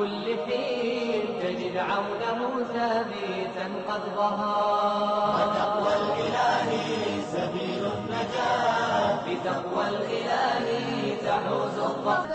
كل حين تجد عونه ثابتا قد ظهر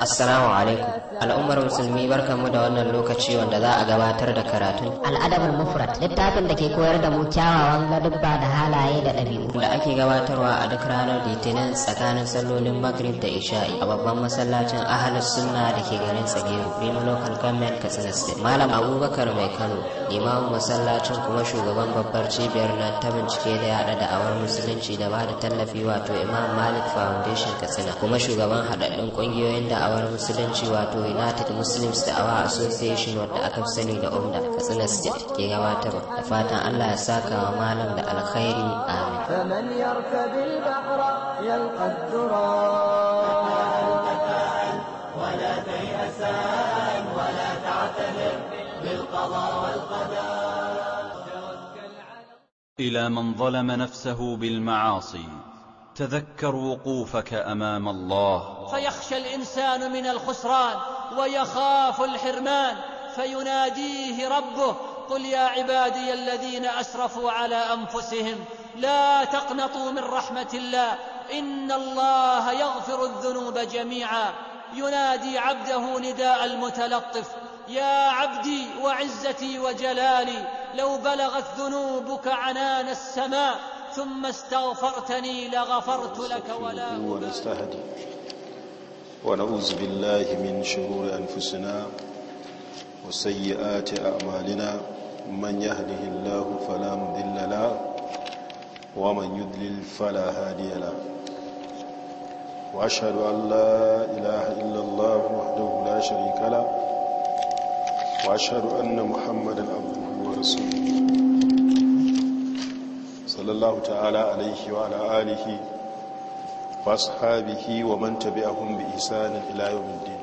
Assalamu alaikum al'ummar musulmi mu da wannan lokaci wanda za a gabatar da karatun al'adabul mufrad littafin da ke koyar da mu kyawawan ladabba da halaye da ɗabi'u da ake gabatarwa a duk ranar litinin tsakanin sallolin maghrib da isha'i a babban masallacin ahlus sunna da ke garin Tsagero Rima local government Katsina State Malam Abubakar Mai Kano Imamu masallacin kuma shugaban babbar cibiyar na ta bincike da yaɗa da'awar musulunci da ba da tallafi wato Imam Malik Foundation Katsina kuma shugaban haɗaɗɗun ƙungiyoyin awar. da'awar musulunci wato united muslims da awa association wadda aka fi sani da umda katsina state ke gabatarwa da fatan allah ya saka wa malam da alkhairi amin إلى من ظلم نفسه بالمعاصي تذكر وقوفك أمام الله فيخشى الإنسان من الخسران ويخاف الحرمان فيناديه ربه قل يا عبادي الذين أسرفوا على أنفسهم لا تقنطوا من رحمة الله إن الله يغفر الذنوب جميعا ينادي عبده نداء المتلطف يا عبدي وعزتي وجلالي لو بلغت ذنوبك عنان السماء ثم استغفرتني لغفرت لك ولا ونستهدي ونعوذ بالله من شرور أنفسنا وسيئات أعمالنا من يهده الله فلا مضل له ومن يضلل فلا هادي له وأشهد أن لا إله إلا الله وحده لا شريك له وأشهد أن محمدا عبده ورسوله sallallahu ta'ala alaihi wa al'alihi alihi wa ashabihi wa man tabi'ahum bi ihsanin ila yawmid din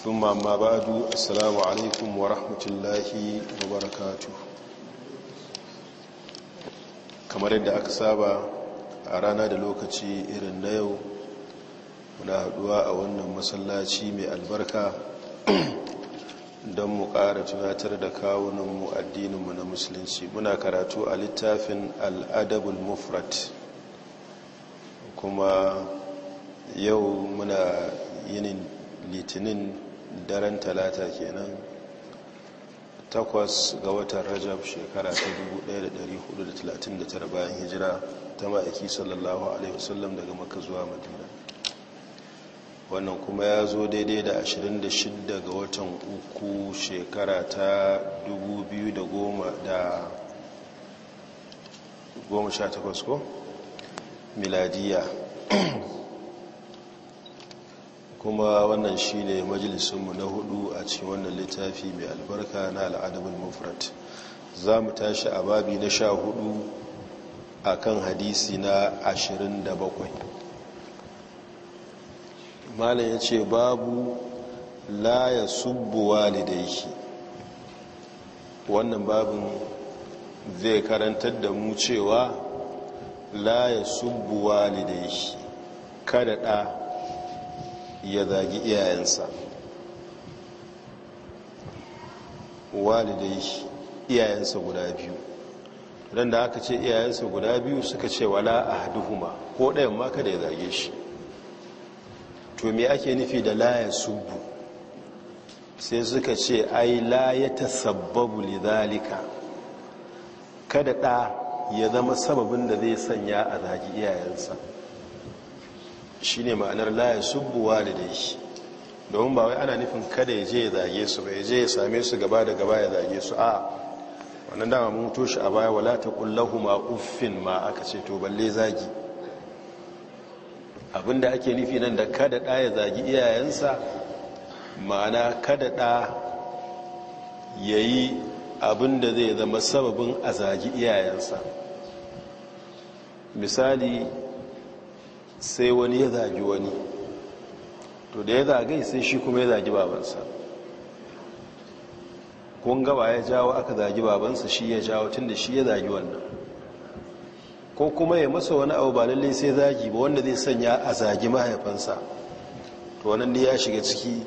thumma amma ba'du assalamu alaikum wa rahmatullahi wa barakatuh kamar yadda aka saba a rana da lokaci irin na yau muna haduwa a wannan masallaci mai albarka don mu ƙara tunatar da kawuninmu addininmu na musulunci muna karatu a littafin al'adabul mufrat kuma yau muna yin litinin daren talata kenan takwas ga watan rajab shekara ta 1439 bayan hijira ta ma'aiki sallallahu alaihi wasallam daga makka zuwa madina wannan kuma ya zo daidai da 26 ga watan uku shekara ta 2018 ko miladiya kuma wannan shi ne majalisunmu na hudu a cikin wannan littafi mai albarka na al'adabin mufrat za mu tashi a babi na sha hudu a kan hadisi na 27 malam ya ce babu la ya subbu walidaihi wannan babin zai karantar da mu cewa la ya subbu walidaihi kada ɗa ya zagi iyayensa walidaihi iyayensa guda biyu don da aka ce iyayensa guda biyu suka ce wala a ma ko ɗayan ma kada ya zage shi to me ake nufi da laya subu sai suka ce ai la ya tasabbabu lidhalika kada ɗa ya zama sababin da zai sanya a zagi iyayensa Shi ne ma'anar la ya subu walidai domin ba wai ana nufin kada ya je ya zage su ba ya je ya same su gaba da gaba ya zage su a wannan dama mun mutu shi a baya wala ta kullahu ma uffin ma aka ce to balle zagi abinda ake nufi nan da kada ɗa ya zagi iyayensa ma'ana kada ɗa ya yi abinda zai zama sababin a zagi iyayensa misali sai wani ya zagi wani to da ya zagai sai shi kuma ya zagi babansa kun gaba ya jawo aka zagi babansa shi ya jawo tun da shi ya zagi wannan ko kuma ya masa wani abu ba lallai sai zagi ba wanda zai sanya a zagi mahaifansa to wannan ne ya shiga ciki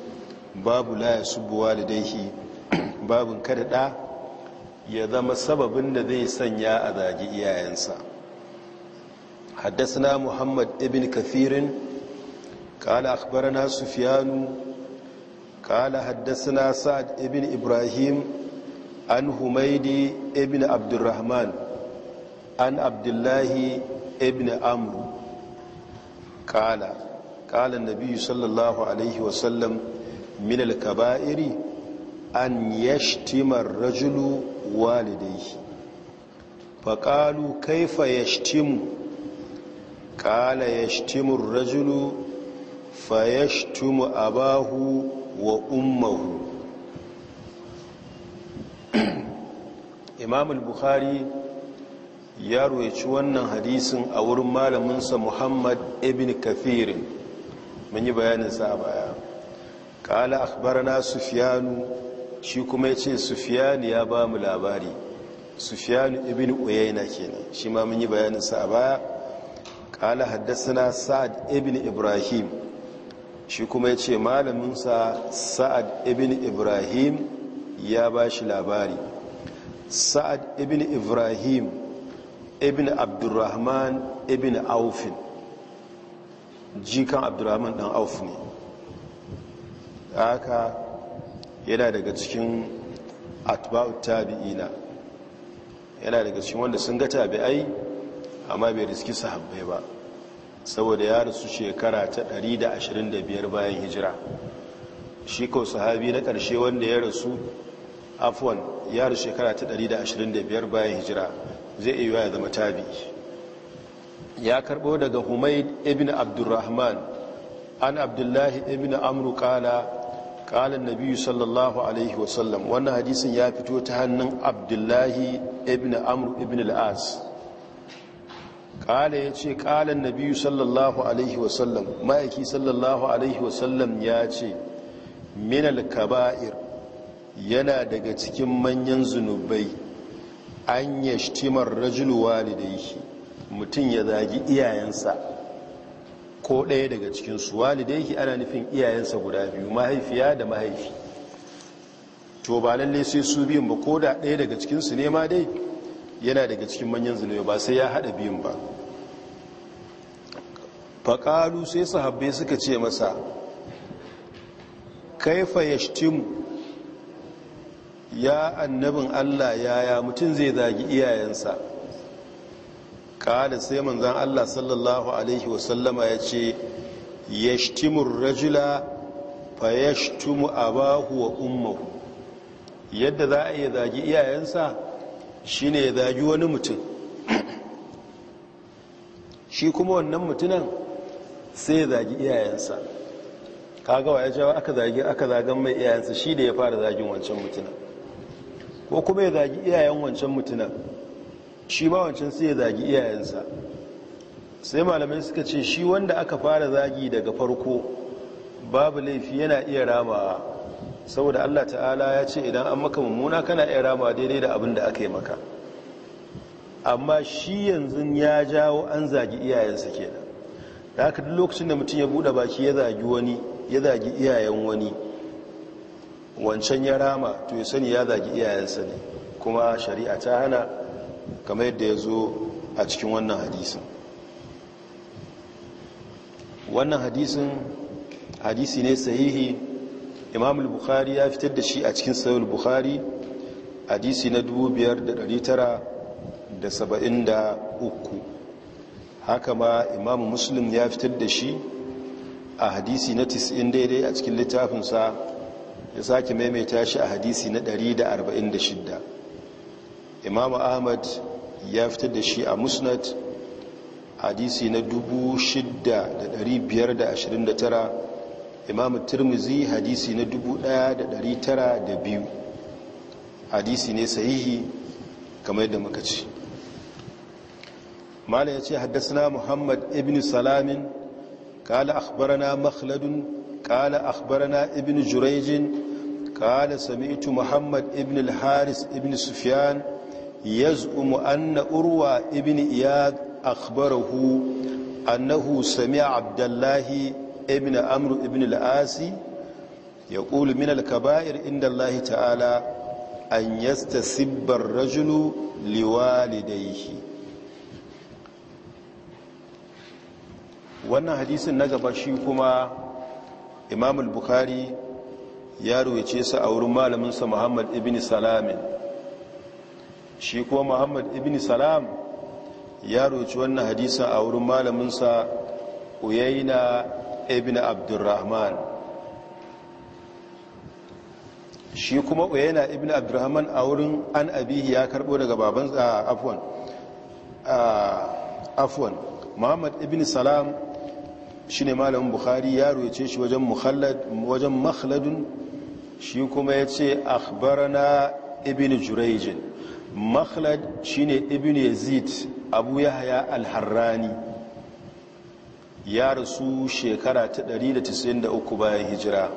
babu la ya subu walidaihi babu kada da ya zama sababin da zai sanya a zagi iyayensa حدثنا muhammad ibn kafirin قال sufiyanu sufiyanu قال haddasa na sa'ad ibn ibrahim an humaidi ibn abdurrahman an abdullahi ibn amru kala kala nabi sallallahu alaihi wasallam min al-kaba'iri an yashtima ar-rajulu walidayhi faqalu kayfa yashtimu kala yashtimu ar-rajulu fayashtumu abahu wa ummahu imam al-bukhari ya ruwaci wannan hadisin a wurin malaminsa muhammad ibn kafirin mun yi bayaninsa a baya ƙala akbarana sufiyanu shi kuma ya ce sufiyanu ya ba mu labari sufiyanu ibn uyaina kenan shi ma mun yi bayaninsa a baya ƙala haddasa sa'ad ibn ibrahim shi kuma ya ce malaminsa sa'ad ibn ibrahim ya ba shi labari sa'ad ibn ibrahim ibn abdurrahman ibn aufin jikan abdurrahman dan auf ne haka yana daga cikin atba'u tabi'ina yana daga cikin wanda sun ga tabi'ai amma bai riski sahabbai ba saboda ya rasu shekara ta 125 bayan hijira shi ko sahabi na ƙarshe wanda ya rasu afwan ya rasu shekara ta 125 bayan hijira zai iya ya zama tabi. ya karbo daga humaid ibn abdurrahman an abdullahi ibn amru kala kalan nabiyu sallallahu alaihi wasallam wannan hadisin ya fito ta hannun abdullahi ibn amru ibn al'as kala ya ce kalan nabiyu sallallahu alaihi wasallam ma'aiki sallallahu alaihi wasallam ya ce minal kaba'ir yana daga cikin manyan zunubai an yi yashtimar rajulu yake mutum ya zagi iyayensa ko ɗaya daga cikin da yake ana nufin iyayensa guda biyu mahaifiya da mahaifi to ba lalle sai su biyun ba ko da ɗaya daga cikinsu ne ma dai yana daga cikin manyan zunubi ba sai ya haɗa biyun ba faƙalu sai su habbe suka ce masa kaifa shtimu ya annabin allah ya ya mutum zai zagi iyayensa kada sai manzan allah sallallahu alaihi wasallama ya ce ya shtimun rajula fa ya shtimu abahu wa ummahu yadda za a iya zagi iyayensa shi ne ya zagi wani mutum shi kuma wannan mutunan sai ya zagi iyayensa kagawa wa ya jawo aka zagi aka zagan mai iyayensa shi da ya fara zagin wancan mutunan ko kuma ya zagi iyayen wancan mutunan shi ba wancan sai ya zagi iyayensa sai malamai suka ce shi wanda aka fara zagi daga farko babu laifi yana iya ramawa saboda allah ta'ala ya ce idan an maka mummuna kana iya rama daidai da abin da aka yi maka amma shi yanzu ya jawo an zagi iyayensa kenan da haka duk lokacin da mutum ya buɗe baki ya zagi wani ya zagi iyayen wani wancan ya rama to ya sani ya zagi iyayensa ne kuma shari'a ta hana kamar yadda ya zo a cikin wannan hadisin wannan hadisin hadisi ne sahihi imam al-bukhari ya fitar da shi a cikin sahih al-bukhari hadisi na 5973 haka ma imam muslim ya fitar da shi a hadisi na 90 daidai a cikin littafinsa ya sake maimaita shi a hadisi na 146 imamu ahmad ya fitar da shi a musnad hadisi na 6529 imamu turmizi hadisi na 1902 hadisi ne sahihi kamar yadda muka ce mala ya ce haddasa muhammad ibn salamin kala akbarana makhladun kala akbarana ibn jurejin قال سمعت محمد ابن الحارث ابن سفيان يزعم أن أروى ابن إياد أخبره أنه سمع عبد الله ابن أمر ابن الآسي يقول من الكبائر عند الله تعالى أن يستسب الرجل لوالديه wannan hadisin na gaba shi kuma imam al-bukhari ya ruwace sa a wurin malaminsa muhammad ibn salamin shi kuma muhammad ibn salam ya ruwace wannan hadisa a wurin malaminsa uyaina ibn abdurrahman shi kuma uyaina ibn abdurrahman a wurin an abihi ya karbo daga baban afwan afwan muhammad ibn salam shi ne malamin bukhari ya ruwace shi wajen makhladun shi kuma ya ce akbarana ibn jurejin makhlad shine ibn yazid abu ya haya alharrani ya rasu shekara ta 193 bayan hijira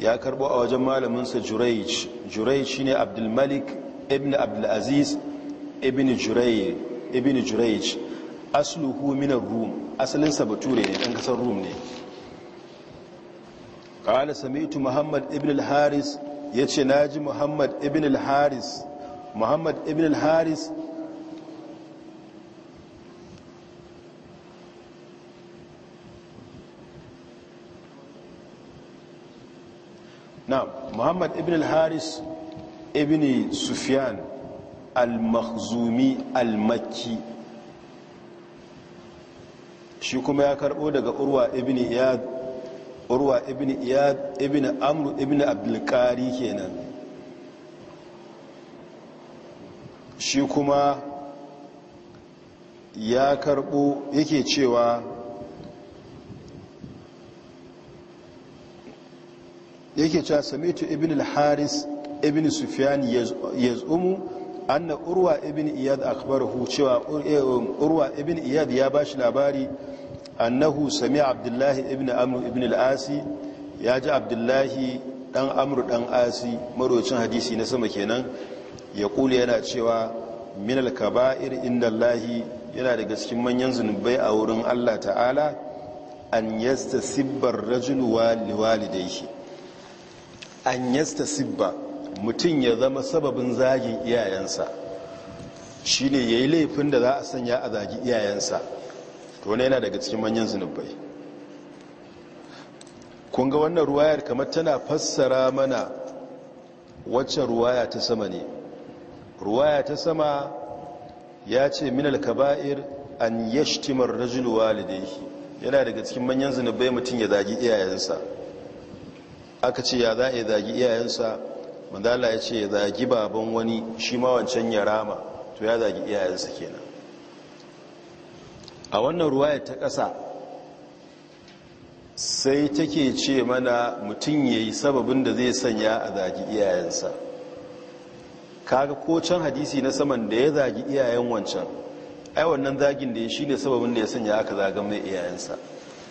ya karbo a wajen malaminsa jurej jurej shine abdulmalik ibini abdulaziz ibn jurej ibn jurej asluhu minar rum asalinsa bature ne ɗan ƙasar rum ne ƙala samitu muhammad ibn al-haris ya ce na ji muhammad ibn al-haris muhammad ibn al-haris na muhammad ibn al-haris ibn sufyan al-makhzumi al-makki shi kuma ya karɓo daga urwa ibn iyad urwa ibn iyad ibn amr ibn qari kenan shi kuma ya karbo yake cewa yake cewa samitu ibn al-haris ibn sufyan yaz'umu anna urwa ibn iyad akhbarahu cewa urwa ibn iyad ya bashi labari annahu sami abdullahi ibn amru ibn al'asi ya ji abdullahi ɗan amru dan asi marocin hadisi na sama kenan ya kula yana cewa min al inda yana daga cikin manyan zunubai a wurin allah ta'ala an yasta sibbar rajul walidaihi an yasta sibba mutum ya zama sababin zagin iyayensa shine yayi laifin da za a sanya a zagi iyayensa to wani yana daga cikin manyan zunubai kun ga wannan ruwayar kamar tana fassara mana wacce ruwaya ta sama ne ruwaya ta sama ya ce minal kaba'ir an yashtimar rajulu walidayhi yana daga cikin manyan zunubai mutum ya zagi iyayensa aka ce ya za a zagi iyayensa Mandala ya ce ya zagi baban wani shi ma wancan ya rama to ya zagi iyayensa kenan a wannan ruwaya ta ƙasa sai take ce mana mutum ya yi sababin da zai sanya a zagi iyayensa kaga ko can hadisi na saman da ya zagi iyayen wancan ai wannan zagin da ya shi ne sababin da ya sanya aka zagan mai iyayensa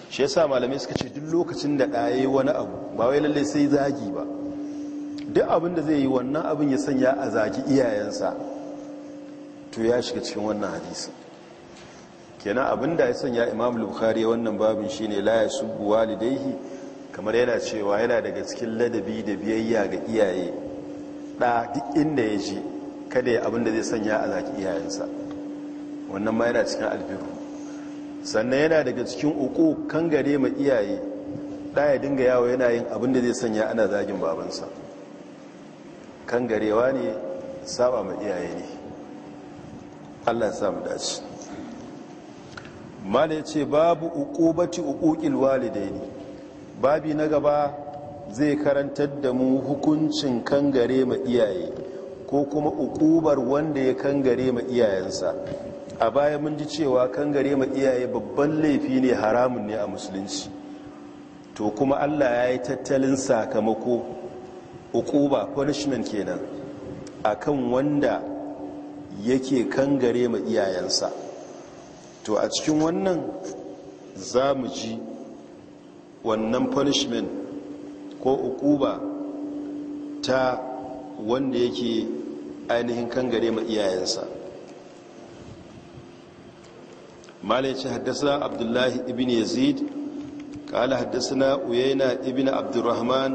shi ya sa malamai suka ce duk lokacin da ɗaya wani abu ba wai lallai sai zagi ba duk abin da zai yi wannan abin ya sanya a zagi iyayensa to ya shiga cikin wannan hadisi kenan da ya sanya imam bukhari wannan babin shine la yasubbu walidayhi kamar yana cewa yana daga cikin ladabi da biyayya ga iyaye da duk inda ya ji kada ya abinda zai sanya a zaki iyayensa wannan ma yana cikin alfiru sannan yana daga cikin uku kan gare ma iyaye da ya dinga yawo yana yin abinda zai sanya ana zagin babansa kan garewa ne saba ma iyaye ne Allah samu dace mala ya ce babu uƙubati walidai walidaini babi na gaba zai karantar da mu hukuncin kangare ma iyaye ko kuma ukubar wanda ya kangare ma iyayensa a baya mun ji cewa kangare ma iyaye babban laifi ne haramun ne a musulunci to kuma allah ya yi tattalin sakamako ukuba punishment kenan akan wanda yake kangare ma iyayensa to a cikin wannan za mu ji wannan punishment ko ukuba ta wanda yake ainihin kan gare ma iyayensa malai ce haddasa abdullahi ibn yazid kala haddasa uyaina ibn abdurrahman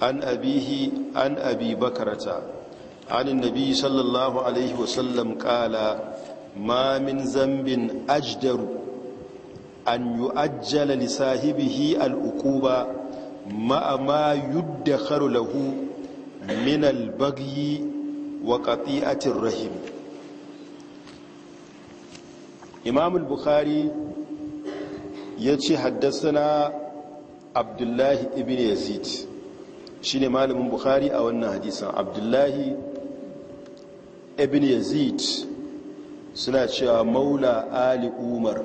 an abihi an abi bakarata an nabi sallallahu alaihi wasallam kala ma min zambin ajdaru an yu'ajjala li sahibihi alukuba ma ma yuddakharu lahu min al-bagyi wa qati'atir rahim Imam al-Bukhari yace haddathana Abdullahi ibn Yazid shine malamin Bukhari a wannan hadisin Abdullahi ibn Yazid suna cewa maula ali umar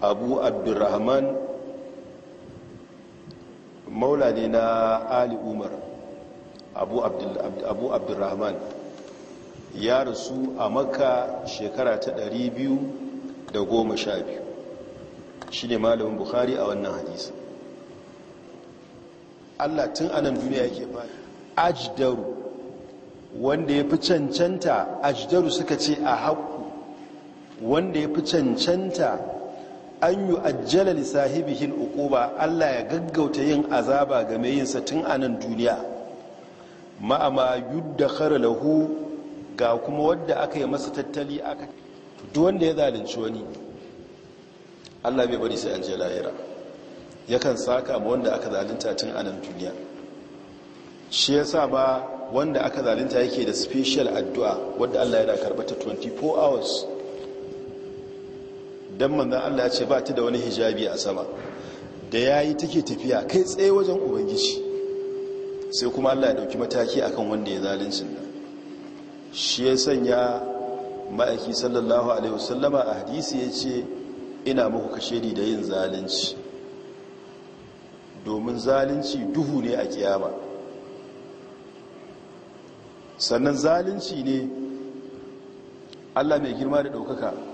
abu abdurrahman maula ne na ali umar abu abdurrahman ya rasu a maka shekara ta 212 shi ne malamin bukhari a wannan hadisa allah tun anan duniya yake ba ajdaru wanda ya fi cancanta ajdaru suka ce a haku wanda ya fi cancanta an yi ajjala lissahibihin ukuba Allah ya gaggauta yin azaba ga mai yinsa tun a nan duniya ma'ama yudda kare lahu ga kuma wadda aka yi masa tattali aka duk wanda ya zalunci wani Allah bai bari sai an je lahira yakan saka ma wanda aka zalunta tun a nan duniya shi ya sa ba wanda aka zalunta yake da special addu'a wadda Allah ya da karbata 24 hours don manzan allah ya ce ba ta da wani hijabi a sama da ya yi take tafiya kai tsaye wajen ubangiji sai kuma allah ya dauki mataki akan wanda ya zalincin da. shi ya sanya ma'aiki sallallahu alaihi wasallama a hadisi ya ce ina muku ni da yin zalunci domin zalunci duhu ne a kiyama sannan zalunci ne allah mai girma da ɗaukaka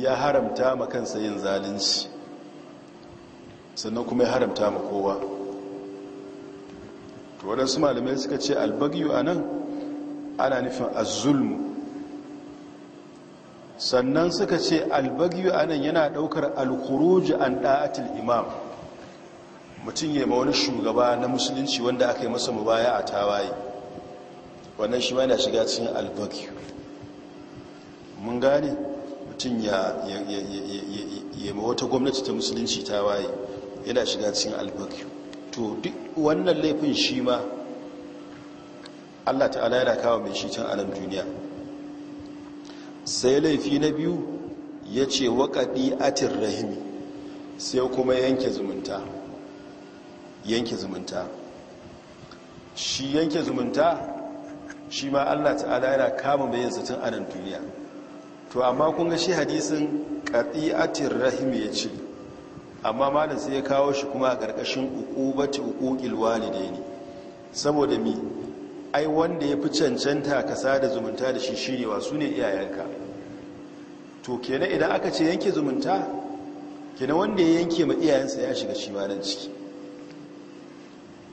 ya haramta ma kansa yin zalunci sannan kuma ya haramta ma kowa waɗansu malamai suka ce albagiyu a nan ana nufin azulmu sannan suka ce albagiyu a nan yana ɗaukar alkuruji an ɗa'atul imam mutum ya ma wani shugaba na musulunci wanda aka yi masa mubaya a tawaye wannan shi ma yana shiga cikin albagiyu mun gane mutum ya ma wata gwamnati ta musulunci ta waye yana shiga cikin albaki to duk wannan laifin shi ma allah ta'ala yana kawo mai shi can alam duniya sai laifi na biyu ya ce waƙaɗi atin rahimi sai kuma yanke zumunta yanke zumunta shi yanke zumunta shi ma allah ta'ala yana kama mai yin zaton anan duniya to amma kun ga shi hadisin qati'atir rahim ya ce amma malam sai ya kawo shi kuma a ƙarƙashin uqubati uqul walidaini saboda mi ai wanda ya fi cancanta ka sada zumunta da shi shine wa sune iyayenka to kenan idan aka ce yanke zumunta kenan wanda ya yanke ma iyayensa ya shiga shi ma nan ciki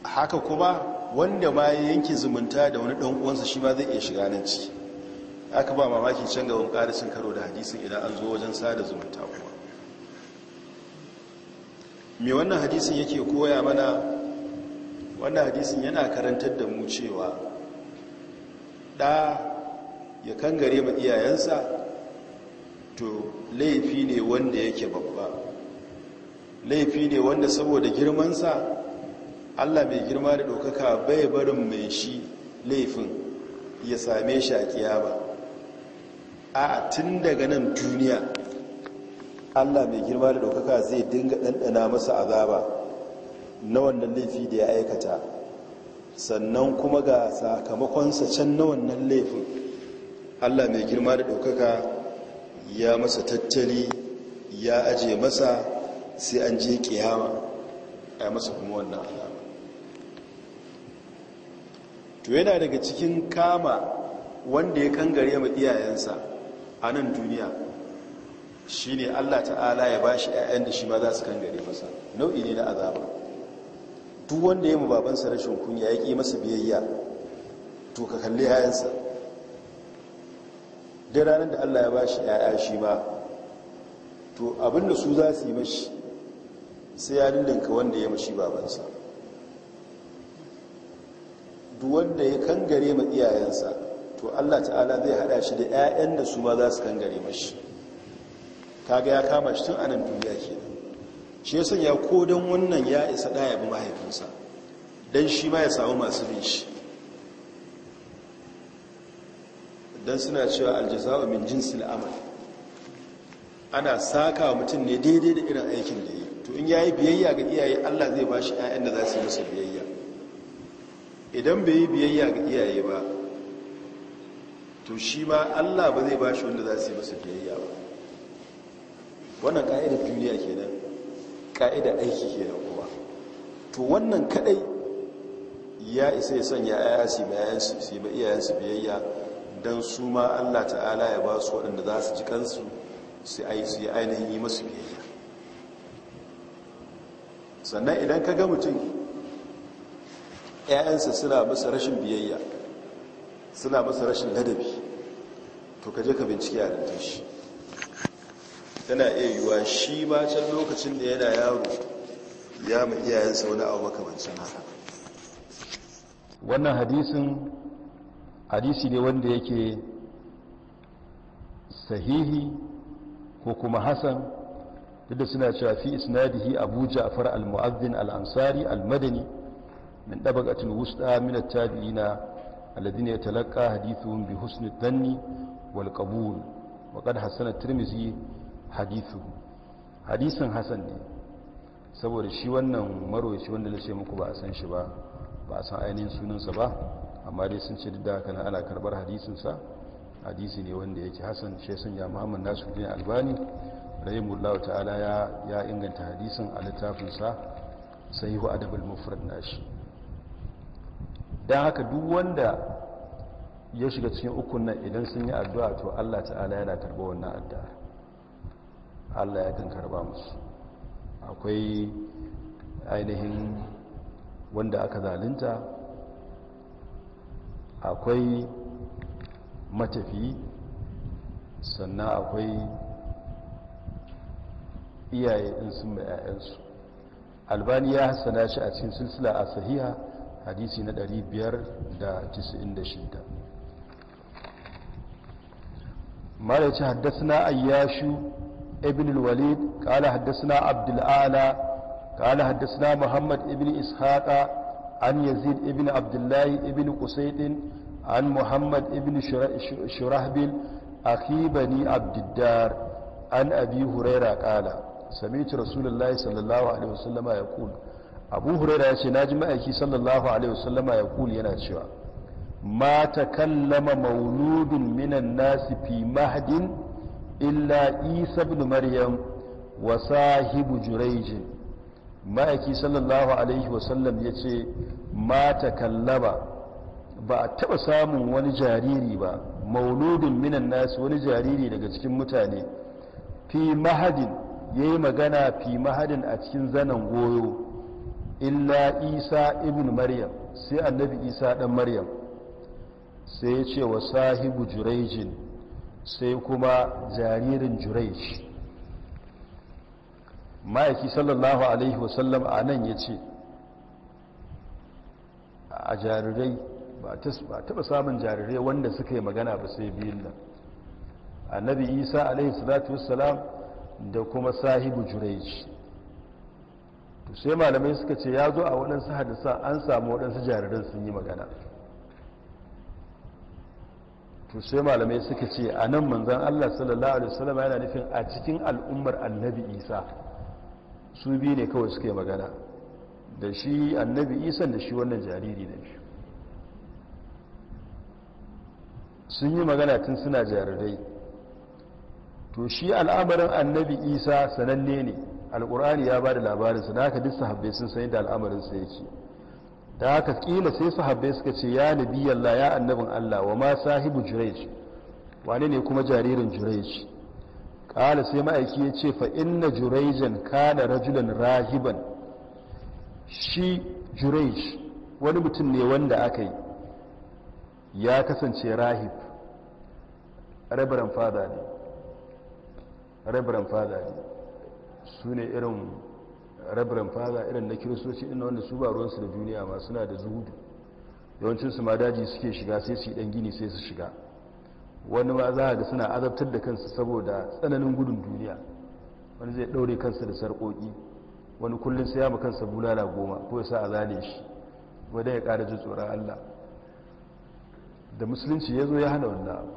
haka kuma wanda ma ya yanke zumunta da wani dan uwansa shi ba zai iya shiga nan ciki aka ba mamaki can gaban karisun karo da hadisun idan an zo wajen sada zumunta kuma mai wannan hadisun yake koya mana wannan hadisun yana karantar da mu cewa ɗa ya kangare ma iyayensa to laifi ne wanda yake babba laifi ne wanda saboda girmansa allah mai girma da ɗaukaka bai barin mai shi laifin ya same shi a ba? a tun daga nan duniya allah mai girma da ɗaukaka zai dinga ɗanɗana masa azaba na wannan laifi da ya aikata sannan kuma ga sakamakonsa can na wannan laifin allah mai girma da ɗaukaka ya masa tattali ya aje masa sai an je kiyama a masa kuma wannan alama to yana daga cikin kama wanda ya kangare ma iyayensa a nan duniya shi ne allah ta'ala ya ba shi 'ya'yan da shi ma za su kan gare masa nau'i ne na azaba duk wanda ya mu babansa rashin kunya ya ƙi masa biyayya to ka kalli 'ya'yansa da ranar da allah ya ba shi 'ya'ya shi ma to abinda su za su yi mashi sai ya dindinka wanda ya mashi babansa duk wanda ya kangare ma iyayensa to Allah ta'ala zai hada shi da 'ya'yan da su ma za su kangare mashi kaga ya kama shi tun anan duniya nan shi ya sanya ko don wannan ya isa ɗaya bi mahaifinsa don shi ma ya samu masu bin shi don suna cewa wa min jinsil amal ana saka wa mutum ne daidai da irin aikin da yi to in ya yi biyayya ga iyaye allah zai ba shi 'ya'yan da za su yi masa biyayya idan bai yi biyayya ga iyaye ba to shi ma allah ba zai ba shi wanda za su yi masu biyayya ba wannan ka'idar duniya kenan ka'idar aiki kenan kuma to wannan kadai ya isa ya sanya ayyansu su ba iyayensu biyayya don su ma allah ta'ala ya ba su waɗanda za su ji kansu su yi ainihin yi masu biyayya sannan idan ka ga mutum ‘ya'yansa suna masa rashin biyayya suna masa rashin ladabi to kaje ka bincike a ɗin shi yana iya yiwuwa shi ma can lokacin da yana yaro ya ma iyayensa wani abu makamancin haka wannan hadisin hadisi ne wanda yake sahihi ko kuma hasan duk suna cewa fi isnadihi abu ja'far al-mu'adhdhin al-ansari al-madani min dabaqatil wusta min at-tabi'ina alladhina yatalaqqa hadithuhum bi husni dhanni والقبول وقد حسن الترمذي حديثه tirmizi حسن hasan ne saboda shi wannan marwaci wanda lace muku ba a san shi ba ba a san ainihin sunansa ba amma dai sun ce duk da ana karbar hadisin sa hadisi ne wanda yake hasan shi sun ya muhammad nasiruddin albani rahimullah ta'ala ya ya inganta hadisin a littafin littafinsa sahihu adabul mufrad nashi dan haka duk wanda ya shiga cikin ukun nan idan sun yi addu'a to Allah ta'ala yana karba wannan addu'a Allah ya kan karɓa musu akwai ainihin wanda aka zalunta akwai matafi sannan akwai iyaye in sun mai 'ya'yansu albani ya hassana shi a cikin silsila a sahiha hadisi na 596 mara ya ce ayyashu ibn walid kala haddasa abdul'ala kala haddasa muhammad ibn ishaqa an yazid ibn abdullahi ibn kusaidin an muhammad ibn shurahbil akhi bani abdiddar an abi huraira kala sami'tu rasulullahi sallallahu alaihi wasallama yaqul abu huraira ya ce naji ma'aiki sallallahu alaihi wasallama yaqul yana cewa Mata kallama mauludun minan nasi fi mahdin illa isa ibn maryam wa sahibu jurayjin ma'aiki sallallahu alaihi wasallam ya ce ma takallama ba a taɓa samun wani jariri ba mauludin minan nasi wani jariri daga cikin mutane fi mahadin ya yi magana fi mahadin a cikin zanen goyo illa isa ibn maryam sai annabi isa ɗan maryam sai ya ce wa sahibu jurejin sai kuma jaririn jurej ma'aiki sallallahu alaihi wasallam a nan ya ce a jarirai ba taɓa samun jarirai wanda suka yi magana ba sai biyun nan annabi isa alaihi salatu wassalam da kuma sahibu jurej sai malamai suka ce ya zo a waɗansu hadisa an samu waɗansu jariran sun yi magana to sai malamai suka ce a nan manzan Allah sallallahu alaihi wasallam yana nufin a cikin al'ummar annabi isa su biyu ne kawai suke magana da shi annabi isa da shi wannan jariri da shi sun yi magana tun suna jarirai to shi al'amarin annabi isa sananne ne alƙur'ani ya ba da labarinsa na haka duk sahabbai sun san da al'amarinsa yake da haka kila sai su habbe suka ce ya nabi Allah ya annabin Allah wa ma sahibu jurayj wane ne kuma jaririn jurayj kala sai ma'aiki ya ce fa inna jurayjan kana rajulan rahiban shi jurayj wani mutum ne wanda aka yi ya kasance rahib rabaran fada ne rabaran fada ne su ne irin rabin fada irin na kiristoci ɗin wanda su ba ruwansu da duniya ma suna da zuhudu yawancinsu ma daji suke shiga sai su yi dan gini sai su shiga wani ma za a ga suna azabtar da kansu saboda tsananin gudun duniya wani zai ɗaure kansa da sarƙoƙi wani kullum sai ya ma kansa bulala goma ko ya sa a zane shi wadda ya kara ji tsoron allah da musulunci ya zo ya hana wannan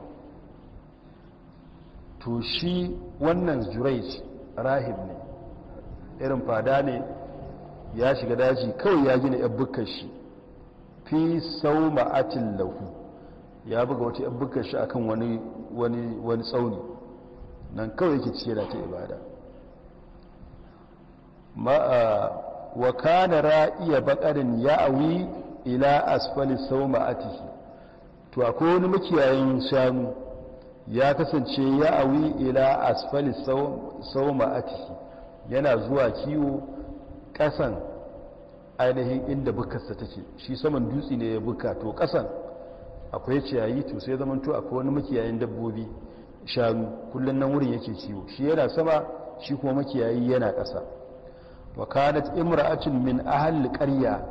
to shi wannan juraic rahib ne irin fada ne ya shiga daji kawai ya gina yan bukkar shi fi sau ma'atin lahu ya buga wata yan bukkar shi akan wani wani wani tsauni nan kawai yake cike da ta ibada ma'a wa kana ra'iya baqarin ya'awi ila asfali sau ma'atihi to akwai wani makiyayin shanu ya kasance ya'awi ila asfali sau ma'atihi yana zuwa ciwo kasan ainihin inda bukarsa take shi saman dutse ne ya buka to kasan akwai ciyayi to sai zaman to akwai wani makiyayin dabbobi shanu kullum nan wurin yake ciwo shi yana sama shi kuma makiyayi yana kasa wa kanat imra'atin min ahli qarya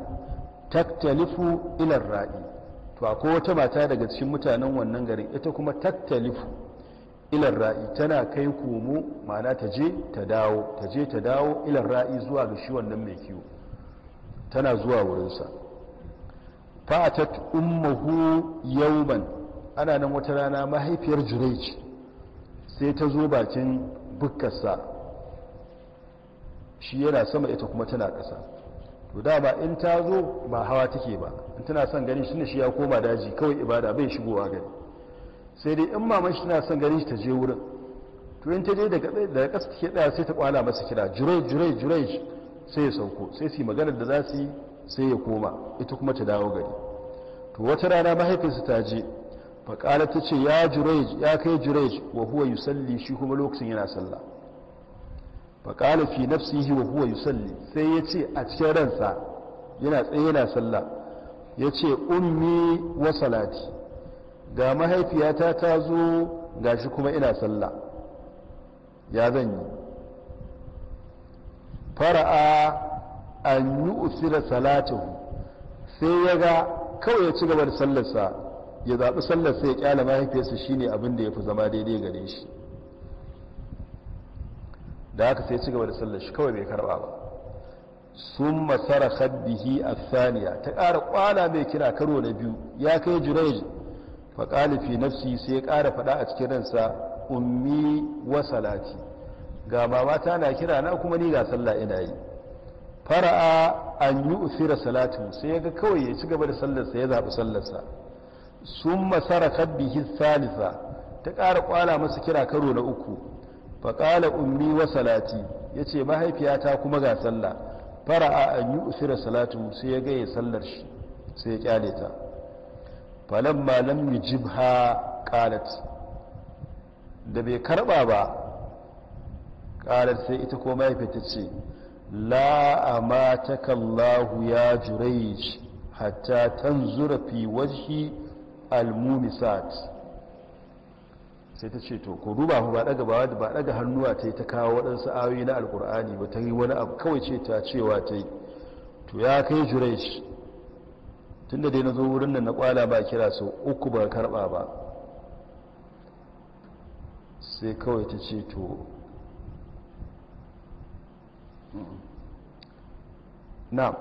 taktalifu ila ra'i to akwai wata mata daga cikin mutanen wannan garin ita kuma taktalifu ilar ra'i tana kai komo mana ta je ta dawo ta je ta dawo ilar ra'i zuwa ga shi wannan mai kiwo tana zuwa wurinsa fatat ummuhu yawman ana nan wata rana mahaifiyar juraic sai ta zo bakin bukkarsa shi yana sama ita kuma tana kasa to dama in ta zo ba hawa take ba in tana son ganin shi ne shi ya koma daji kawai ibada bai shigowa gani sai dai in maman shi na son garin shi ta je wurin to in ta je daga ƙasa take daya sai ta kwala masa kira jurej jurej jurej sai ya sauko sai su yi maganar da za su yi sai ya koma ita kuma ta dawo gari to wata rana mahaifinsa ta je faƙala ta ce ya jurej ya kai jurej wa huwa salli shi kuma lokacin yana salla faƙala fi yi wa huwa salli sai ya ce a cikin ransa yana tsaye yana salla ya ce ummi wa salati ga mahaifiyata ta zo ga shi kuma ina sallah ya zan yi fara'a an yi usira salatihu sai ya ga kawai ya ci gaba da sallarsa ya zaɓi sallarsa ya ƙyala mahaifiyarsa shi ne abinda ya fi zama daidai gare shi da haka sai ci gaba da sallar kawai bai karɓa ba sun masara bihi a saniya ta ƙara ƙwala mai kira karo na biyu ya kai jurej faƙali fi nafsi sai ya ƙara faɗa a cikin ransa ummi wa salati ga mamata na kira na kuma ni ga sallah ina yi fara'a an yi usira salatin sai ya ga kawai ya ci gaba da sallarsa ya zaɓi sallarsa sun masara kabbihi salisa ta ƙara ƙwala masa kira karo na uku faƙala ummi wa salati ya ce mahaifiyata kuma ga sallah fara'a an yi usira salatin sai ya gaya sallar shi sai ya ƙyale ta falamma lam ha ƙalat da bai karɓa ba Ƙalat sai ita ko fita ce la ta kallahu ya jurayj hatta zura fi wajhi almunisat sai ta ce to ku duba ba daga ba ba daga hannuwa ta ta kawo waɗansu ayoyi na alkur'ani ba ta yi wani abu kawai ce ta cewa ta yi to ya kai jurayj tunda dai na zo wurin nan na kwala ba kira su uku ba karba ba sai kawai ta ce to na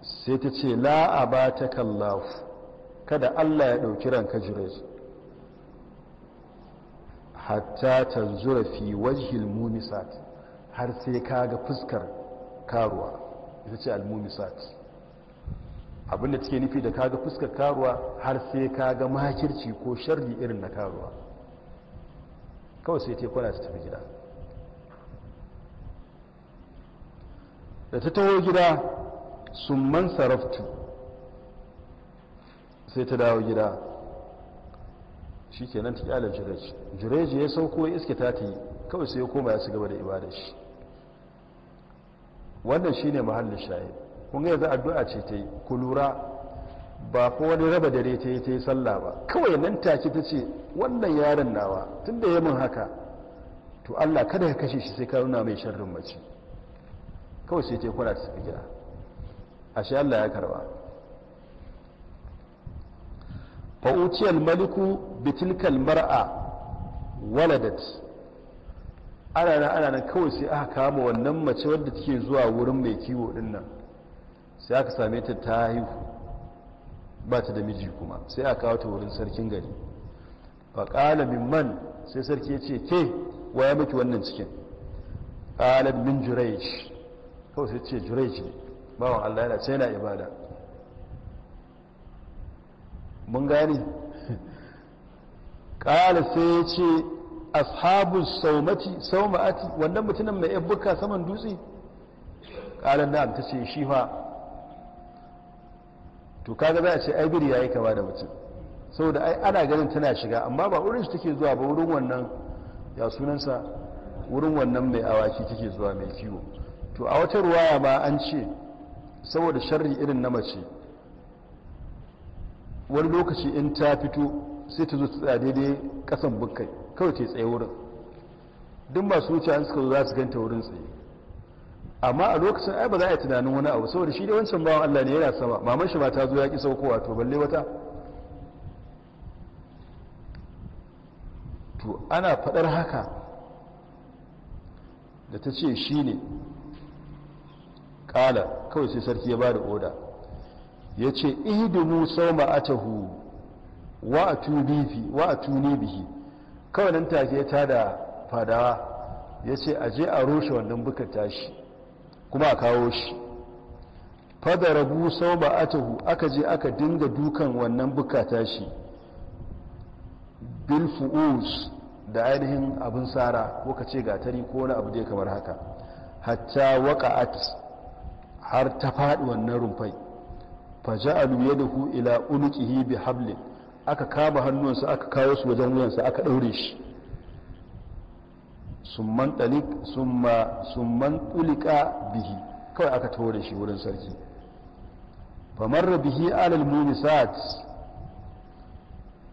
sai ta ce la'a ba ta kallafu kada allah ya ɗauki ranka jirai hatta zura fi wajhil mumisat har sai ka ga fuskar karuwa ita ce al-mumisat abinda cike nufi da kaga fuskar karuwa har sai kaga makirci ko sharri irin na karuwa kawai sai ta kwana su tafi gida da ta taho gida sun man saraftu sai ta dawo gida shi nan ta kyalar jireji jireji ya sauko ya iske ta ta yi kawai sai ya koma ya su gaba da ibadar shi wannan shi ne mahallin shayi kun ga yanzu addu'a ce ta yi ku lura ba ko wani raba dare ta yi ta yi sallah ba kawai nan take ta ce wannan yaron nawa tun da ya min haka to allah kada ka kashe shi sai ka nuna mai sharrin mace kawai sai ta yi kwana ta tafi gida ashe allah ya karba fa'uciyar maliku bitilkal mar'a waladat ana nan ana nan kawai sai aka kama wannan mace wadda take zuwa wurin mai kiwo din sai aka same ta ta haihu ba ta da miji kuma sai a kawo ta wurin sarkin gari faƙala min man sai sarki ya ce ke waya maki wannan cikin ƙalar min kawai sai ce jurej ne bawan allah yana sai na ibada mun gani ƙala sai ya ce ashabu saumati sauma'ati wannan mutumin mai buka saman dutse ƙalan na'am ta ce shi fa to kaga za a ce ai biri yayi kama da mutum saboda ai ana ganin tana shiga amma ba wurin shi take zuwa ba wurin wannan ya sunansa wurin wannan mai awaki take zuwa mai kiwo to a wata ruwaya ma an ce saboda sharri irin na mace wani lokaci in ta fito sai ta zo ta daidai kasan bukkai kawai ta tsaye wurin duk masu wuce an suka zo za su ganta wurin tsaye amma a lokacin ai ba za a yi tunanin wani abu saboda shi da wancan bawan Allah ne yana sama maman shi ba ta zo ya ki saukowa to balle wata to ana fadar haka da ta ce shi ne ƙala kawai sai sarki ya ba da oda ya ce ihidimu sau ma'atahu wa a tuni bihi kawai nan take ta da fadawa ya ce je a rushe wannan bukata tashi. kuma a kawo shi rabu sau ba atahu aka je aka dinga dukan wannan bukata shi bilfu'us da ainihin abin tsara ko ka ce gatari ko wani abu dai kamar haka hatta waka'at har ta faɗi wannan rumfai faja'alu ku ila unuki bi hablin aka kama hannunsa aka kawo su wajen wuyansa aka ɗaure shi summan ɗalik bihi kawai aka taho da shi wurin sarki famar bihi alal munisat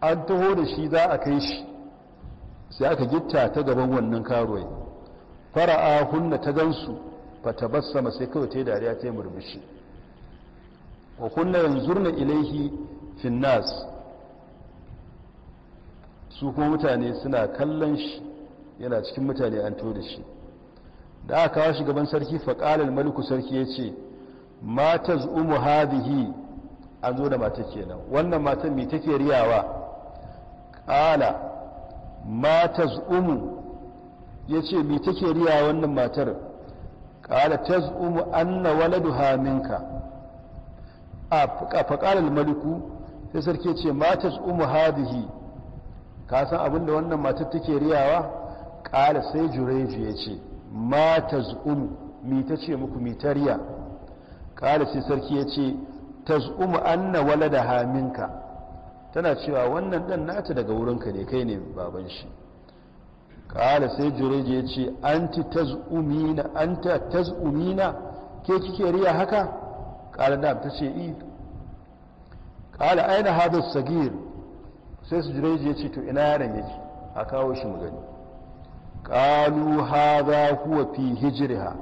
an taho da shi za a kai shi sai aka gitta ta gaban wannan karuwai fara'a hunna ta gansu fata bassama sai kawai ta yi dariya ta yi murmushi wa kunna na ilaihi finnas su kuma mutane suna kallon shi yana cikin mutane an to da shi da aka kawo shi gaban sarki faƙalar maliku sarki ya ce mata zuumu hadihi an zo da mata kenan wannan matan mai take riyawa ƙala mata zuumu ya ce mai take riya wannan matar ƙala ta zuumu anna na waladu haminka a faƙalar maliku sai sarki ya ce mata zuumu hadihi ka san abinda wannan matar take riyawa ƙala sai jureji ya ce ma ta zu'umu mi ce muku mitariya ƙala sai sarki ya ce ta zu'umu an na wala da haminka tana cewa wannan ɗan nata daga wurinka ne kai ne baban shi ƙala sai jureji ya ce an ta ta zu'umina ke kike riya haka ƙala na ta ce i eh. ƙala aina hadar sagir sai su jureji ya ce to ina yaron yake a kawo shi magani. qalu hadha huwa fi hijriha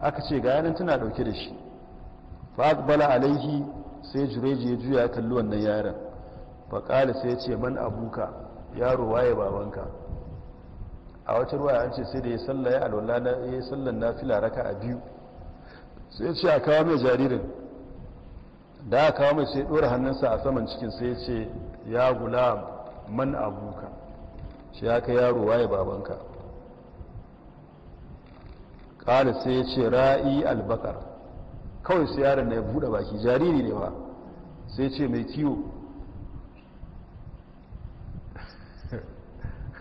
aka ce ga tana dauke da shi fa Bala alaihi sai jureji ya juya kalli wannan yaren fa sai ya ce man abuka yaro waye babanka a wata ruwa an ce sai da ya ya alwala na ya sallan nafila a biyu sai ya ce a kawo mai jaririn da a kawo mai sai ɗora hannunsa a saman cikin sai ya ce ya gula man abuka shi ya ka yaro waye babanka ƙala sai ya ce ra'i albakar kawai sai yaron na ya buɗe baki jariri ne ba sai ce mai kiwo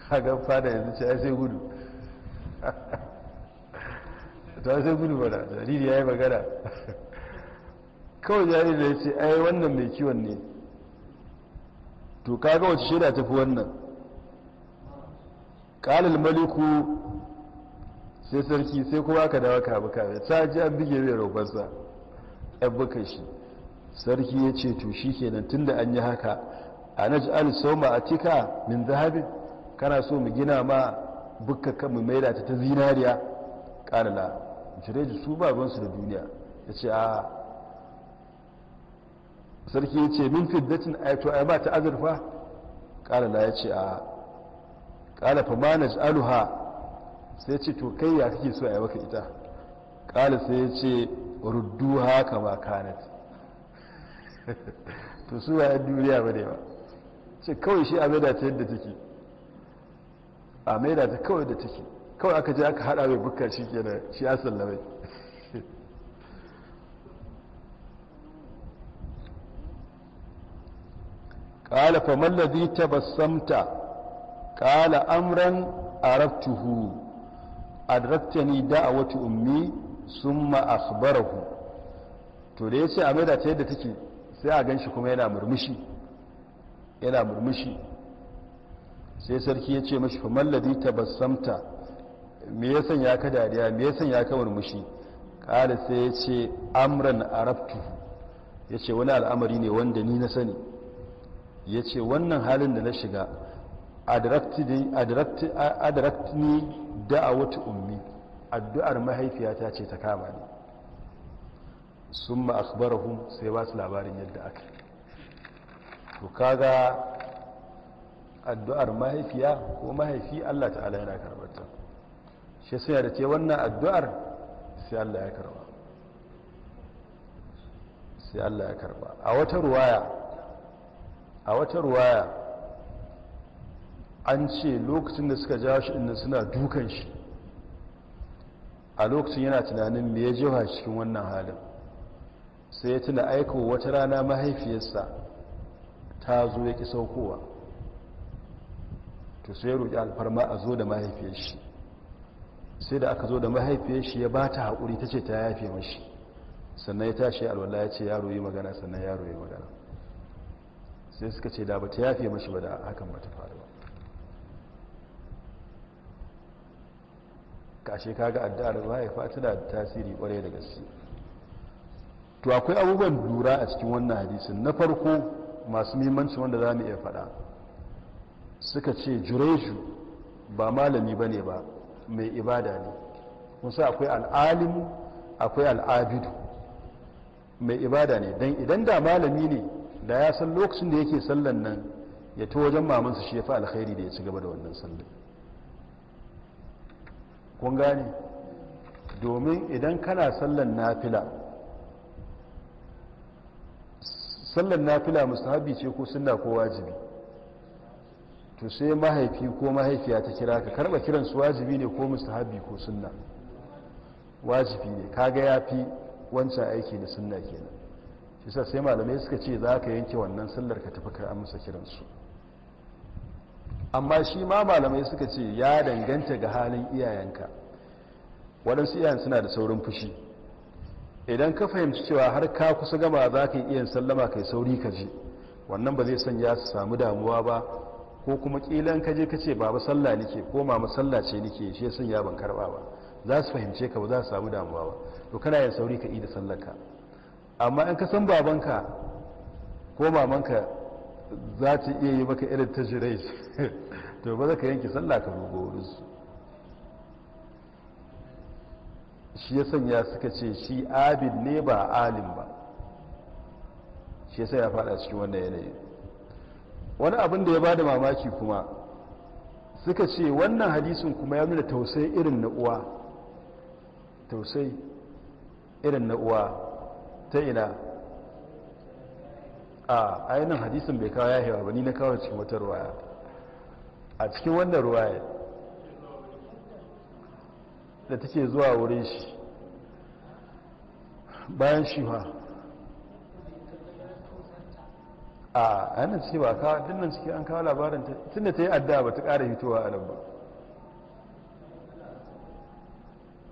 hagan fada yanzu ce ya sai gudu ta sai gudu bada jariri ya yi magana kawai jariri da ya ce ai wannan mai kiwon ne to kaga wace shaida tafi wannan ƙalil maliku sai sarki sai kuma aka dawa kabi kabi ta ji an bige mai roƙonsa ɗan buka shi sarki ya ce to shi kenan tun da an yi haka a na ji alisoma a cika min zahabin kana so mu gina ma bukka mu mai ta ta zinariya ƙarala jireji su babansu da duniya ya ce a sarki ya ce min fiddatin aito a ba ta azurfa ƙarala ya ce a ƙalafa ma na ji aluha sai ce to kai ya kake so a yi maka ita ƙala sai ya ce ruddu haka ma kanat to su ba duniya ba ne ba ce kawai shi a maida ta yadda take a maida ta kawai da take kawai aka je aka haɗa mai bukka shi da shi ya sallamai ƙalafa mallabi ta basamta ƙala amran arabtuhu adraktani da'awatu ummi summa akhbarahu to da yace a maida ta yadda take sai a ganshi kuma yana murmushi yana murmushi sai sarki ya ce mashi fa ladi tabassamta me ya sanya ka dariya me ya sanya ka murmushi kada sai yace amran arabtu yace wani al'amari ne wanda ni na sani yace wannan halin da na shiga da'a wata ummi addu'ar mahaifiyata ce ta kama ne sun ma'akbarahun sai ba su labarin yadda aka to kaga addu'ar mahaifiya ko mahaifi Allah ta'ala yana karbata shi sai da ce wannan addu'ar sai Allah ya karba sai Allah ya karba a wata ruwaya a wata ruwaya an ce lokacin da suka jawo shi inda suna dukan shi a lokacin yana tunanin me ya wa cikin wannan halin sai ya tuna aiko wata rana mahaifiyarsa ta zo ya ƙi saukowa to sai ya roƙi alfarma a zo da mahaifiyar shi sai da aka zo da mahaifiyar shi ya ba ta haƙuri ta ce ta yafe mashi sannan ya tashi alwala ya ce yaro yi magana sannan yaro yi magana sai suka ce da ba ta yafe mashi ba da hakan ba ta faru kashe ga addu'ar mahaifa tana da tasiri kwarai da gaske to akwai abubuwan lura a cikin wannan hadisin na farko masu mimanci wanda za mu iya faɗa suka ce jureju ba malami ba ne ba mai ibada ne kusa akwai al'alimu akwai al'abidu mai ibada ne don idan da malami ne da ya san lokacin da yake sallan nan ya ta wajen mamansu shi ya fi alkhairi da ya ci gaba da wannan sallan kun gane domin idan kana sallan nafila sallan nafila mustahabi ce ko sunna ko wajibi to sai mahaifi ko mahaifiya ta kira ka karba kiran su wajibi ne ko mustahabi ko sunna wajibi ne kaga yafi wancan aiki da sunna kenan shi sai malamai suka ce za ka yanke wannan sallar ka tafi ka amsa kiransu amma shi ma malamai suka ce ya danganta ga halin iyayenka waɗansu iyayen suna da saurin fushi idan ka fahimci cewa har ka kusa gama za ka yi iyan sallama kai sauri ka ji wannan ba zai sanya su samu damuwa ba ko kuma ƙilan ka je ka ce baba sallah nike ko mama sallah ce nike shi sun ya ban karɓa ba za su fahimce ka ba za su samu damuwa ba to kana yin sauri ka yi da sallarka amma in ka san babanka ko mamanka za ta iya yi maka irin ta jirai to ba za ka yanke sallah ka buga wurinsu shi ya sanya suka ce shi abin ne ba alim ba shi ya ya fada cikin wannan yanayi wani abin da ya ba da mamaki kuma suka ce wannan hadisun kuma ya nuna tausayi irin na uwa tausayi irin na uwa ta ina a ainihin hadisun bai kawo yahewa ba ni na kawo cikin wata ruwaya a cikin wannan ruwaya da ta ce zuwa wurin shi bayan shi ma a yanar ce ba kawo dinnan ciki an kawo labarin tun da ta yi adda ba ta ƙara hitowa a nan ba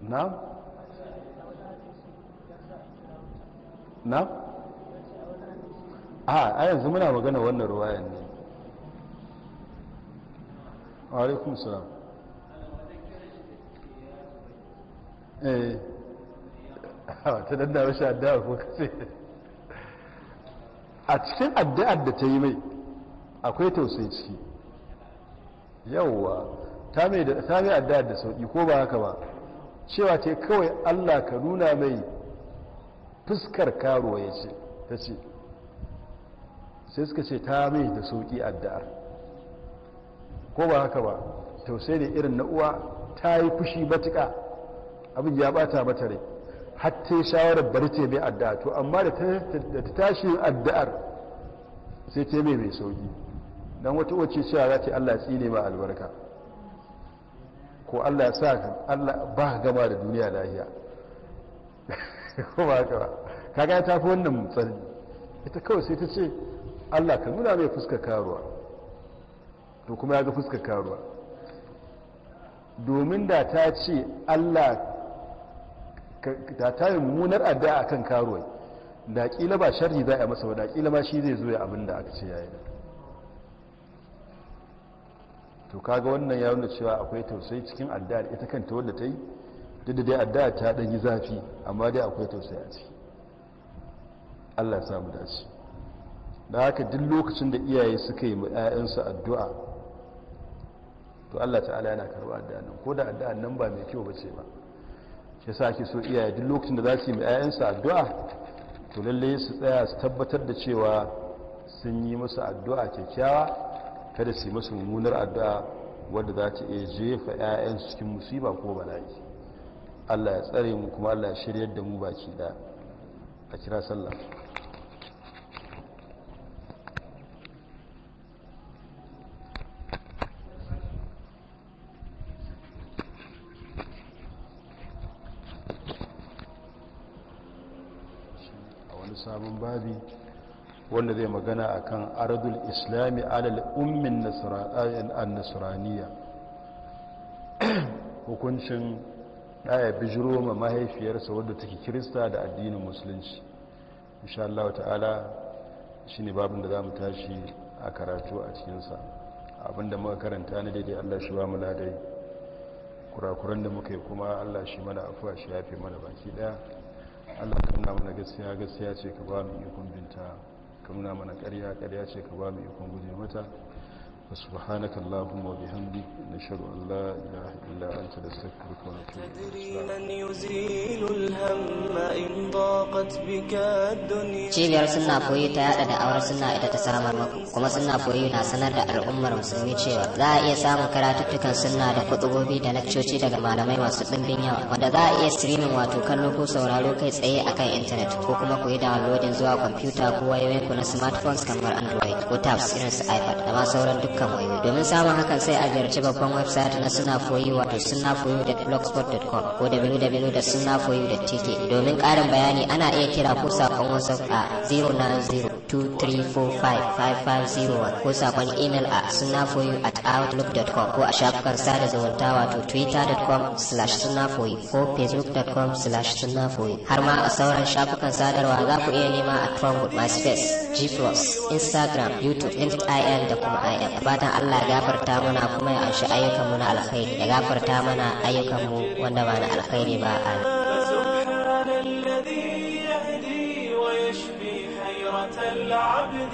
na? na? a yanzu muna magana wannan ruwayan ne alaikun salam eh. ta danda wasu addu'a ko kace a cikin addu'ar da ta yi mai akwai tausayi ciki yawwa ta mai addu'ar da sauki ko ba haka ba cewa ce kawai allah ka nuna mai fuskar karuwa ya ce ta ce sai suka ce ta mai da sauki addu'ar ko ba haka ba tausayi da irin na uwa ta yi fushi matuka abin ya bata mata rai hatta shawarar bari ce mai addu'a to amma da ta tashi addu'ar sai ce mai mai sauki don wata wacce cewa za ce allah tsine ba albarka ko allah ya sa allah ba gama da duniya lahiya ko ba haka ba kaga ta fi wannan tsari ita kawai sai ta ce allah ka nuna mai fuskar karuwa to kuma ya ga fuskar karuwa domin da ta ce allah ta yi munar addu'a akan karuwai da kila ba sharri za a masa ba da kila ma shi zai zo ya abin da aka ce ya yi da to kaga wannan ya nuna cewa akwai tausayi cikin addu'ar ita kanta wadda ta yi duk da dai addu'a ta dan yi zafi amma dai akwai tausayi a ciki Allah ya samu dace da haka duk lokacin da iyaye suka yi ma 'ya'yansu addu'a to Allah ta'ala yana karba addu'an nan ko da addu'an nan ba mai kyau bace ba shi yasa ake so iyaye duk lokacin da za su yi ma 'ya'yansu addu'a to lalle su tsaya su tabbatar da cewa sun yi musu addu'a kyakkyawa kada su yi musu mummunar addu'a wadda za ta iya jefa 'ya'yansu cikin musiba ko bala'i Allah ya tsare mu kuma Allah ya shiryar da mu baki da a kira sallah babi wanda zai magana a kan aradul islami alal ummin nasiraniya hukuncin ɗaya bijiro ma mahaifiyarsa wadda take kirista da addinin musulunci insha Allah ta'ala shine babin da za mu tashi a karatu a cikinsa abinda muka karanta na daidai Allah shi ba mu ladai kurakuran da muka yi kuma Allah shi mana afuwa shi yafe mana baki daya allah ka nuna mana gaskiya gaskiya ce ka ba mu ikon binta ka nuna mana ƙarya ƙarya ce ka ba mu ikon guje mata فسبحانك اللهم وبحمدك نشهد أن لا إله إلا أنت نستغفرك ونتوب cibiyar suna koyi ta yada da awar suna ita ta samar maku kuma suna koyi na sanar da al'ummar musulmi cewa za a iya samun karatuttukan suna da kutubobi da lakcoci daga malamai masu ɗimbin yawa wanda za a iya streaming wato kallo ko sauraro kai tsaye akan intanet ko kuma koyi downloading zuwa kwamfuta ko wayoyinku na smartphones kamar android ko tabs irin su ipad da ma sauran dukkan akan wayo domin samun hakan sai a ziyarci babban website na suna foyi wato suna blogspot.com ko www.sunnafoyu.tk domin karin bayani ana iya kira ko saƙon whatsapp a 09023455501 ko saƙon email a foyi at outlook.com ko a shafukan sada zumunta wato twitter.com slash foyi ko facebook.com slash foyi har ma a sauran shafukan sadarwa za ku iya nema a Trumpwood, MySpace, G+, Instagram, YouTube, LinkedIn da kuma IM. fata Allah ya gafarta mana kuma ya anshi ayyukanmu na alkhairi ya gafarta mana ayyukanmu wanda ba na alkhairi ba amin العبد